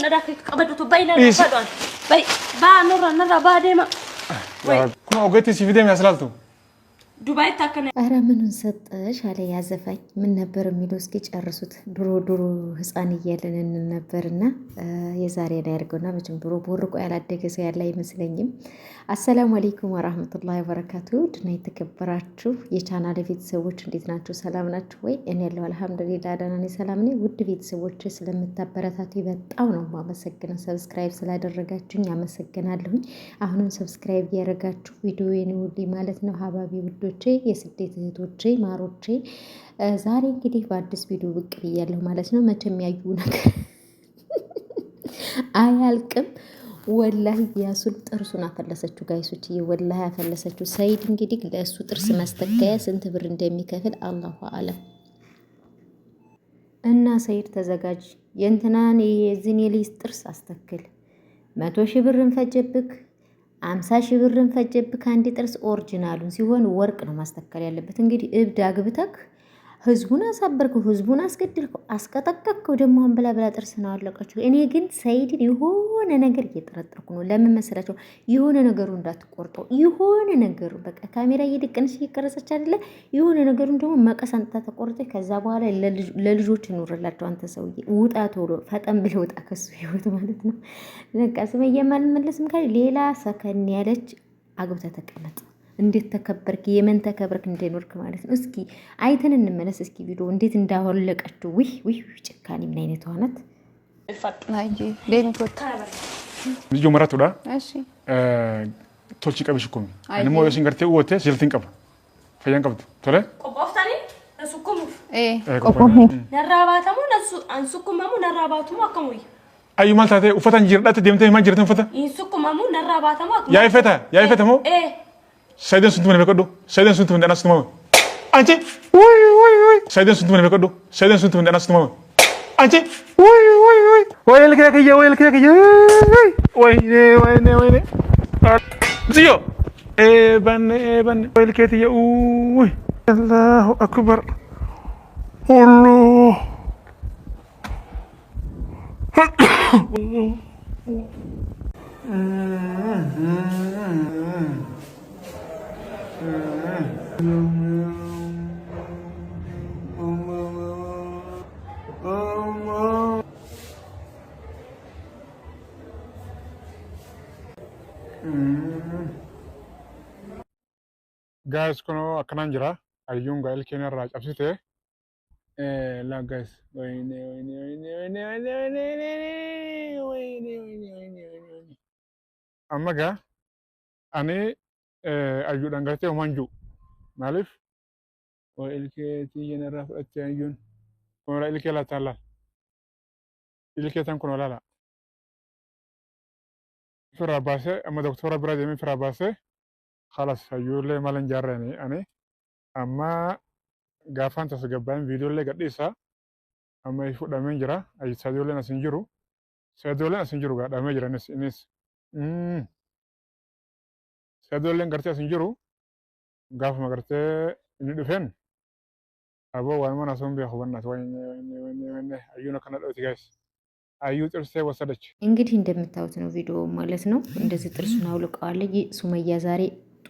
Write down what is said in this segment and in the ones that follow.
ኧረ ምኑን ሰጠሽ አለ ያዘፋኝ። ምን ነበር የሚለው እስኪ ጨርሱት። ድሮ ድሮ ህፃን እያለን እንነበርና የዛሬ ላይ አድርገውና መቼም ድሮ ቦርቆ ያላደገ ሰው ያለ አይመስለኝም። አሰላሙ አሌይኩም ወራህመቱላሂ ወበረካቱ ድና የተከበራችሁ የቻናል ቤተሰቦች እንዴት ናችሁ? ሰላም ናችሁ ወይ? እኔ ያለው አልሐምዱሊላህ ደህና ነኝ፣ ሰላም ነኝ። ውድ ቤተሰቦች ስለምታበረታቱ በጣም ነው ማመሰግነው። ሰብስክራይብ ስላደረጋችሁኝ አመሰግናለሁኝ። አሁንም ሰብስክራይብ እያደረጋችሁ ቪዲዮዬን ውልይ ማለት ነው። ሀባቢ ውዶቼ፣ የስደት እህቶቼ፣ ማሮቼ ዛሬ እንግዲህ በአዲስ ቪዲዮ ብቅ ብያለሁ ማለት ነው። መቼም ያዩ ነገር አያልቅም። ወላሂ ያሱል ጥርሱን አፈለሰችው። ጋይሶች ወላሂ አፈለሰችው። ሰይድ እንግዲህ ለእሱ ጥርስ ማስተካከያ ስንት ብር እንደሚከፍል አላሁ አለም። እና ሰይድ ተዘጋጅ፣ የእንትናን የዝኔ ልጅ ጥርስ አስተክል። መቶ ሺህ ብር እንፈጀብክ፣ አምሳ ሺህ ብር እንፈጀብክ። አንድ ጥርስ ኦሪጂናሉን ሲሆን ወርቅ ነው ማስተከል ያለበት። እንግዲህ እብድ አግብተክ ህዝቡን አሳበርኩ፣ ህዝቡን አስገድልኩ፣ አስቀጠቀቅኩ። ደግሞ አሁን ብላ ጥርስ ነው አለቀችው። እኔ ግን ሰይድን የሆነ ነገር እየጠረጠርኩ ነው። ለምን መሰላቸው? የሆነ ነገሩ እንዳትቆርጠው የሆነ ነገሩ በቃ ካሜራ እየደቀነች እየቀረጸች አይደለ? የሆነ ነገሩን ደግሞ መቀስ አንጥታ ተቆርጠ። ከዛ በኋላ ለልጆች ይኖርላቸው። አንተ ሰውዬ ውጣ ቶሎ፣ ፈጠን ብለህ ውጣ ከሱ ህይወት ማለት ነው። በቃ ስመየም አልመለስም ካለ ሌላ ሰከን ያለች አግብታ ተቀመጥ። እንዴት ተከበርክ፣ የመን ተከብርክ እንደኖርክ ማለት ነው። እስኪ አይተን እንመለስ። እስኪ ቪዲዮ እንዴት እንዳወለቀችው። ውህ ውህ! ጭካኔ ምን አይነት ሆነት ልጆ ዳ ቶልቺ ቀብሽ ኮሚ አንሞ ሲንገርቴ ወቴ ሲልቲን ቀብ ፈያን ቀብት ቶለ ayyu maal taate uffata hin jirne dhatti deemtee himaa jirte سيدنا سيدنا سيدنا سيدنا سيدنا سيدنا سنتمن انتي وي وي وي سيدنا سنتمن بكدو سيدنا سنتمن دنا سنتمن انتي وي وي وي وي لك لك يا وي لك لك يا وي وي وي وي زيو اي بن اي بن وي لك يا وي الله اكبر الله Mm-hmm. Guys, kuno akkanaan jira. Hayyuun gaa'el keenya irraa cabsitee la guys wayne wayne wayne wayne wayne wayne wayne wayne wayne wayne amma gaa ani hayyuudhaan eh, gartee homaan jiru. Maaliif waa ilkee xiyyeena irraa fudhattee hayyuun kun olaa ilkee laataan laala. Ilkee tan kun olaala. Firaa baasee amma doktora bira deemee firaa baasee ama hayyuullee mala hin jaarreen ani amma gaafaan tasgabbaa'een viidiyoollee gadhiisaa amma e fudhamee jira. Saadiyooleen as hin jiru. Saadiyooleen as hin jiru gaadhamee jira mm. ijoolleen gartee as hin jiru gaafuma gartee inni dhufeen aboo waan mana son beeku bannas አዩን ከነጠውት ጋይስ አዩ ጥርሴ ወሰደች። እንግዲህ እንደምታዩት ነው ቪዲዮ ማለት ነው። እንደዚህ ጥርሱን አውልቀዋለች ሱመያ ዛሬ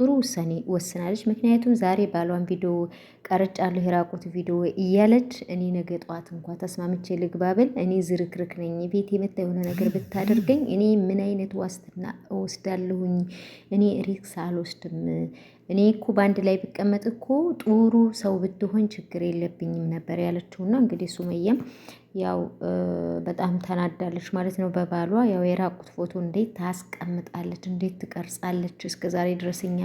ጥሩ ውሳኔ ወስናለች። ምክንያቱም ዛሬ ባሏን ቪዲዮ ቀርጫለሁ የራቁት ቪዲዮ እያለች እኔ ነገ ጠዋት እንኳ ተስማምቼ ልግባብል እኔ ዝርክርክ ነኝ፣ ቤት የመታ የሆነ ነገር ብታደርገኝ እኔ ምን አይነት ዋስትና እወስዳለሁኝ? እኔ ሪክስ አልወስድም እኔ እኮ በአንድ ላይ ብቀመጥ እኮ ጥሩ ሰው ብትሆን ችግር የለብኝም ነበር ያለችውና እንግዲህ ሱመያም ያው በጣም ተናዳለች ማለት ነው በባሏ። ያው የራቁት ፎቶ እንዴት ታስቀምጣለች? እንዴት ትቀርጻለች? ዛሬ ድረስ እኛ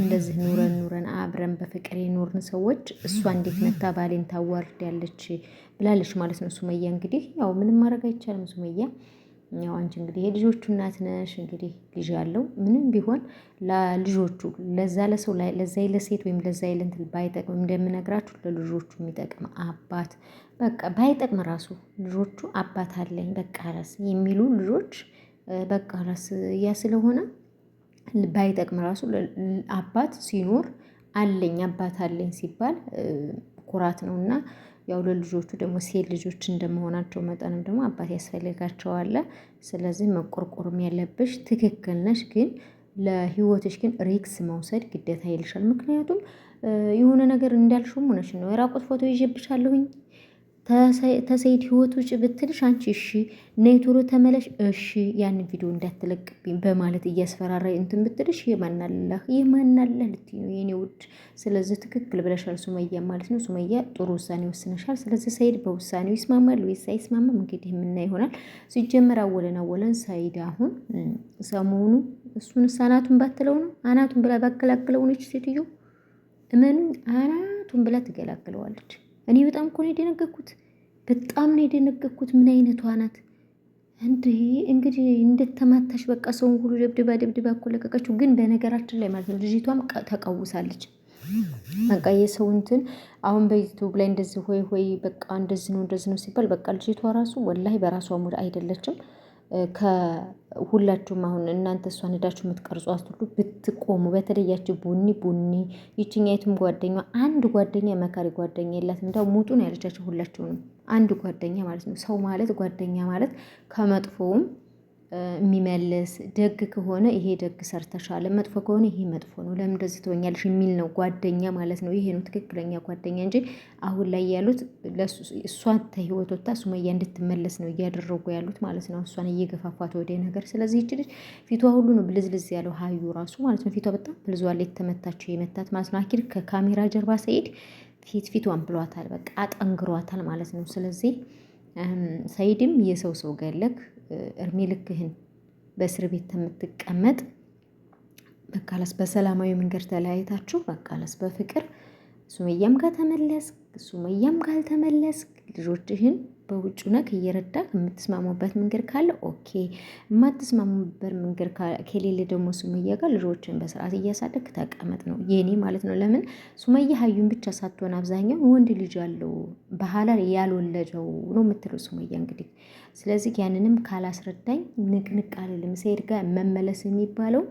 እንደዚህ ኑረን ኑረን አብረን በፍቅር የኖርን ሰዎች እሷ እንዴት መታ ባሌን ታዋርዳለች ብላለች ማለት ነው ሱመያ። እንግዲህ ያው ምንም ማድረግ አይቻልም ሱመያ ያው አንቺ እንግዲህ የልጆቹ እናት ነሽ። እንግዲህ ልጅ ያለው ምንም ቢሆን ለልጆቹ ለዛ ለሰው ለዛ ለሴት ወይም ለዛ ለንትል ባይጠቅም እንደምነግራችሁ ለልጆቹ የሚጠቅም አባት በቃ ባይጠቅም ራሱ ልጆቹ አባት አለኝ በቃ ረስ የሚሉ ልጆች በቃ ረስ ያ ስለሆነ ባይጠቅም ራሱ አባት ሲኖር አለኝ አባት አለኝ ሲባል ኩራት እና ያው ለልጆቹ ደግሞ ሴት ልጆች እንደመሆናቸው መጠንም ደግሞ አባት ያስፈልጋቸዋል። ስለዚህ መቆርቆርም ያለብሽ ትክክል ነሽ፣ ግን ለህይወትሽ ግን ሪክስ መውሰድ ግዴታ ይልሻል። ምክንያቱም የሆነ ነገር እንዳልሽው ሆነሽ ነው የራቁት ፎቶ ይዤብሻለሁኝ ተሰይድ ህይወት ውጭ ብትልሽ አንቺ እሺ ነይ ቶሎ ተመለሽ እሺ ያን ቪዲዮ እንዳትለቅብኝ በማለት እያስፈራራ እንትን ብትልሽ የማናለህ የማናለህ ልትይ ነው የኔ ውድ። ስለዚህ ትክክል ብለሻል ሱመያ ማለት ነው። ሱመያ ጥሩ ውሳኔ ወስነሻል። ስለዚህ ሰይድ በውሳኔው ይስማማል ወይስ አይስማማም እንግዲህ የምና ይሆናል። ሲጀመር አወለን አወለን ሰይድ አሁን ሰሞኑ እሱን አናቱን ባትለው ነው አናቱን ብላ ባገላግለው ነች ሴትዮ እመኑ አናቱን ብላ ትገላግለዋለች። እኔ በጣም እኮ ነው የደነገኩት። በጣም ነው የደነገኩት። ምን አይነቷ ናት እንዴ? እንግዲህ እንደተማታሽ በቃ ሰውን ሁሉ ደብድባ ደብድባ እኮ ለቀቀችው። ግን በነገራችን ላይ ማለት ነው ልጅቷም ተቃውሳለች። በቃ የሰው እንትን አሁን በዩቱብ ላይ እንደዚህ ሆይ ሆይ በቃ እንደዚህ ነው እንደዚህ ነው ሲባል በቃ ልጅቷ ራሱ ወላሂ በራሷ ሙድ አይደለችም። ከሁላችሁም አሁን እናንተ እሷን ሄዳችሁ የምትቀርጹ አትሉ ብትቆሙ፣ በተለይ ቡኒ ቡኒ ይችኛይቱም ጓደኛ አንድ ጓደኛ መካሪ ጓደኛ የላትም። እንዳው ሙጡን ያለቻቸው ሁላችሁንም አንድ ጓደኛ ማለት ነው። ሰው ማለት ጓደኛ ማለት ከመጥፎውም የሚመልስ ደግ ከሆነ ይሄ ደግ ሰርተሻል፣ መጥፎ ከሆነ ይሄ መጥፎ ነው፣ ለምን እንደዚህ ትሆኛለሽ የሚል ነው ጓደኛ ማለት ነው። ይሄ ነው ትክክለኛ ጓደኛ እንጂ አሁን ላይ ያሉት እሷን ተህይወት ወጥታ ሱመያ እንድትመለስ ነው እያደረጉ ያሉት ማለት ነው። እሷን እየገፋፋት ወደ ነገር። ስለዚህ ይች ልጅ ፊቷ ሁሉ ነው ብልዝልዝ ያለው ሀዩ ራሱ ማለት ነው። ፊቷ በጣም ብልዟል፣ የተመታቸው የመታት ማለት ነው። አኪር ከካሜራ ጀርባ ሰኢድ ፊት ፊቷን ብሏታል፣ በቃ አጠንግሯታል ማለት ነው። ስለዚህ ሰኢድም የሰው ሰው ገለክ እድሜ ልክህን በእስር ቤት የምትቀመጥ በቃለስ በሰላማዊ መንገድ ተለያይታችሁ በቃለስ በፍቅር ሱመያም ጋር ተመለስክ ሱመያም ካልተመለስክ ልጆችህን በውጭ ነክ እየረዳ የምትስማሙበት መንገድ ካለ ኦኬ፣ የማትስማሙበት መንገድ ከሌለ ደግሞ ሱመያ ጋር ልጆችን በስርዓት እያሳደግ ተቀመጥ ነው የኔ ማለት ነው። ለምን ሱመያ ሀዩን ብቻ ሳትሆን አብዛኛው ወንድ ልጅ ያለው ባህላ ያልወለደው ነው የምትለው ሱመያ እንግዲህ። ስለዚህ ያንንም ካላስረዳኝ ንቅንቅ አልልም። ሰኢድ ጋር መመለስ የሚባለው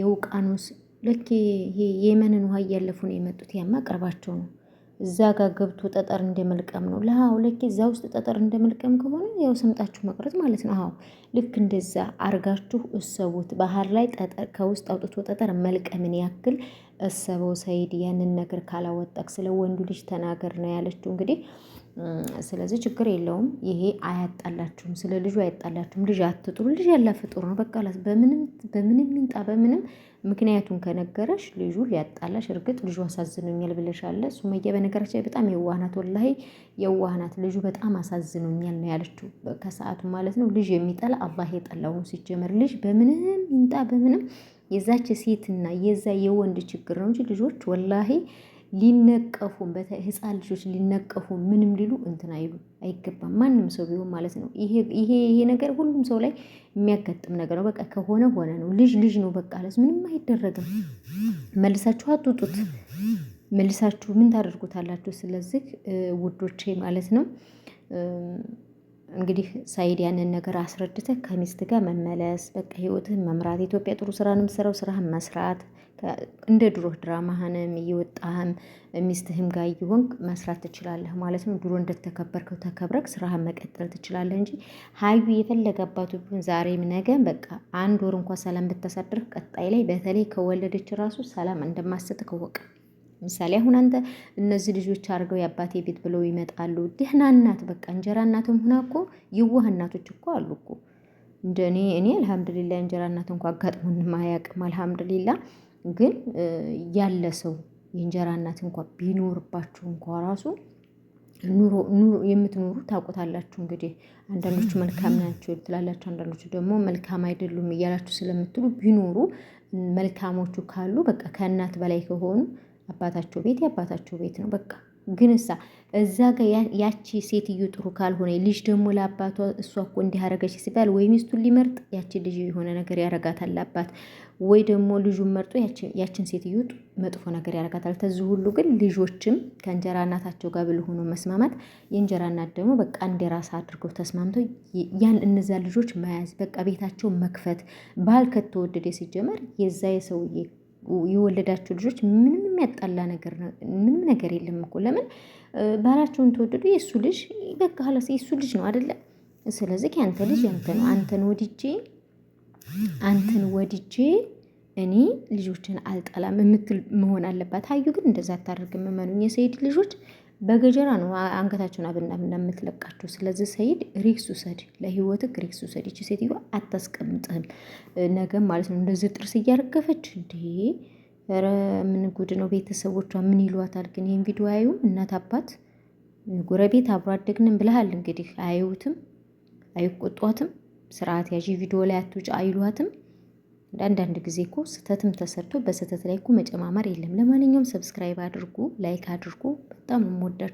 የውቃኖስ ልክ ይሄ የመንን ውሃ እያለፉ ነው የመጡት ያማ ቅርባቸው ነው። እዛ ጋር ገብቶ ጠጠር እንደመልቀም ነው። ለሀው ልክ እዛ ውስጥ ጠጠር እንደመልቀም ከሆነ ያው ሰምጣችሁ መቅረት ማለት ነው። ሀው ልክ እንደዛ አርጋችሁ እሰቡት። ባህር ላይ ጠጠር ከውስጥ አውጥቶ ጠጠር መልቀምን ያክል እሰበው ሰይድ ያንን ነገር ካላወጣክ ስለ ወንዱ ልጅ ተናገር ነው ያለችው። እንግዲህ ስለዚህ ችግር የለውም ይሄ አያጣላችሁም፣ ስለ ልጁ አያጣላችሁም። ልጅ አትጥሩ፣ ልጅ ያለ ፍጡር ነው በቃ ላስ በምንም በምንም ይምጣ በምንም ምክንያቱን ከነገረሽ ልጁ ሊያጣላሽ። እርግጥ ልጁ አሳዝኖኛል ብለሻለ። ሱመያ በነገራች ላይ በጣም የዋህናት፣ ወላሂ የዋህናት። ልጁ በጣም አሳዝኖኛል ነው ያለችው ከሰዓቱ ማለት ነው። ልጅ የሚጠላ አላህ የጠላው ነው ሲጀመር። ልጅ በምንም ይምጣ በምንም የዛች ሴትና የዛ የወንድ ችግር ነው እንጂ ልጆች ወላሂ ሊነቀፉ ህፃን ልጆች ሊነቀፉ ምንም ሊሉ እንትን አይሉ አይገባም። ማንም ሰው ቢሆን ማለት ነው። ይሄ ነገር ሁሉም ሰው ላይ የሚያጋጥም ነገር ነው። በቃ ከሆነ ሆነ ነው። ልጅ ልጅ ነው። በቃ ለስ ምንም አይደረግም። መልሳችሁ አትውጡት። መልሳችሁ ምን ታደርጉታላችሁ? ስለዚህ ውዶቼ ማለት ነው እንግዲህ ሳይድ ያንን ነገር አስረድተህ ከሚስት ጋር መመለስ፣ በቃ ህይወትህን መምራት፣ ኢትዮጵያ ጥሩ ስራ ነው የምትሰራው፣ ስራህን መስራት፣ እንደ ድሮ ድራማህንም እየወጣህም ሚስትህም ጋር እየሆን መስራት ትችላለህ ማለት ነው። ድሮ እንደተከበርከው ተከብረክ ስራህን መቀጠል ትችላለህ እንጂ ሀዩ የፈለገ አባቱ ቢሆን ዛሬም ነገ በቃ አንድ ወር እንኳ ሰላም ብታሳድርህ፣ ቀጣይ ላይ በተለይ ከወለደች ራሱ ሰላም እንደማሰጥ ከወቅ ምሳሌ አሁን አንተ እነዚህ ልጆች አድርገው የአባቴ ቤት ብለው ይመጣሉ። ድህና እናት በቃ እንጀራ እናትም ሆና እኮ ይዋህ እናቶች እኮ አሉ እኮ እንደ እኔ እኔ አልሐምዱሊላ እንጀራ እናት እንኳ አጋጥሞን ማያቅም አልሐምዱሊላ ግን ያለ ሰው የእንጀራ እናት እንኳ ቢኖርባችሁ እንኳ ራሱ ኑሮ የምትኖሩ ታውቁታላችሁ እንግዲህ አንዳንዶቹ መልካም ናቸው ትላላችሁ፣ አንዳንዶቹ ደግሞ መልካም አይደሉም እያላችሁ ስለምትሉ ቢኖሩ መልካሞቹ ካሉ በቃ ከእናት በላይ ከሆኑ አባታቸው ቤት የአባታቸው ቤት ነው በቃ። ግን እሳ እዛ ጋ ያቺ ሴትዮ ጥሩ ካልሆነ ልጅ ደግሞ ለአባቷ እሷ እኮ እንዲያረገች ሲባል ወይ ሚስቱን ሊመርጥ ያችን ልጅ የሆነ ነገር ያረጋታል አባት፣ ወይ ደግሞ ልጁን መርጦ ያችን ሴትዮ መጥፎ ነገር ያረጋታል። ከዚህ ሁሉ ግን ልጆችም ከእንጀራ እናታቸው ጋር ብለው ሆኖ መስማማት፣ የእንጀራ እናት ደግሞ በቃ ራስ አድርገው ተስማምተው ያን እነዛ ልጆች መያዝ፣ በቃ ቤታቸው መክፈት። ባል ከተወደደ ሲጀመር የዛ የሰውዬ የወለዳችሁ ልጆች ምንም የሚያጣላ ነገር ምንም ነገር የለም እኮ። ለምን ባላችሁን ተወደዱ። የእሱ ልጅ በቃ ኋላስ የእሱ ልጅ ነው አይደለ? ስለዚህ ያንተ ልጅ ያንተ ነው። አንተን ወድጄ አንተን ወድጄ እኔ ልጆችን አልጠላም የምትል መሆን አለባት። አዩ ግን እንደዛ አታደርግም። መመኑኝ የሰኢድ ልጆች በገጀራ ነው አንገታቸውን አብና እንደምትለቃቸው። ስለዚህ ሰይድ ሪክስ ውሰድ፣ ለህይወትክ ሪክስ ውሰድ። ይቺ ሴትዮ አታስቀምጥህም ነገም ማለት ነው። እንደዚህ ጥርስ እያረገፈች እንዴ! ኧረ ምን ጉድ ነው! ቤተሰቦቿ ምን ይሏታል ግን? ይህን ቪዲዮ አዩም? እናት አባት፣ ጎረቤት፣ አብሮ አደግንም ብለሃል እንግዲህ። አያዩትም፣ አይቆጧትም። ስርዓት ያዥ ቪዲዮ ላይ አትውጭ አይሏትም። አንዳንድ ጊዜ እኮ ስህተትም ተሰርቶ በስህተት ላይ እኮ መጨማመር የለም። ለማንኛውም ሰብስክራይብ አድርጉ፣ ላይክ አድርጉ። በጣም የምወዳችሁ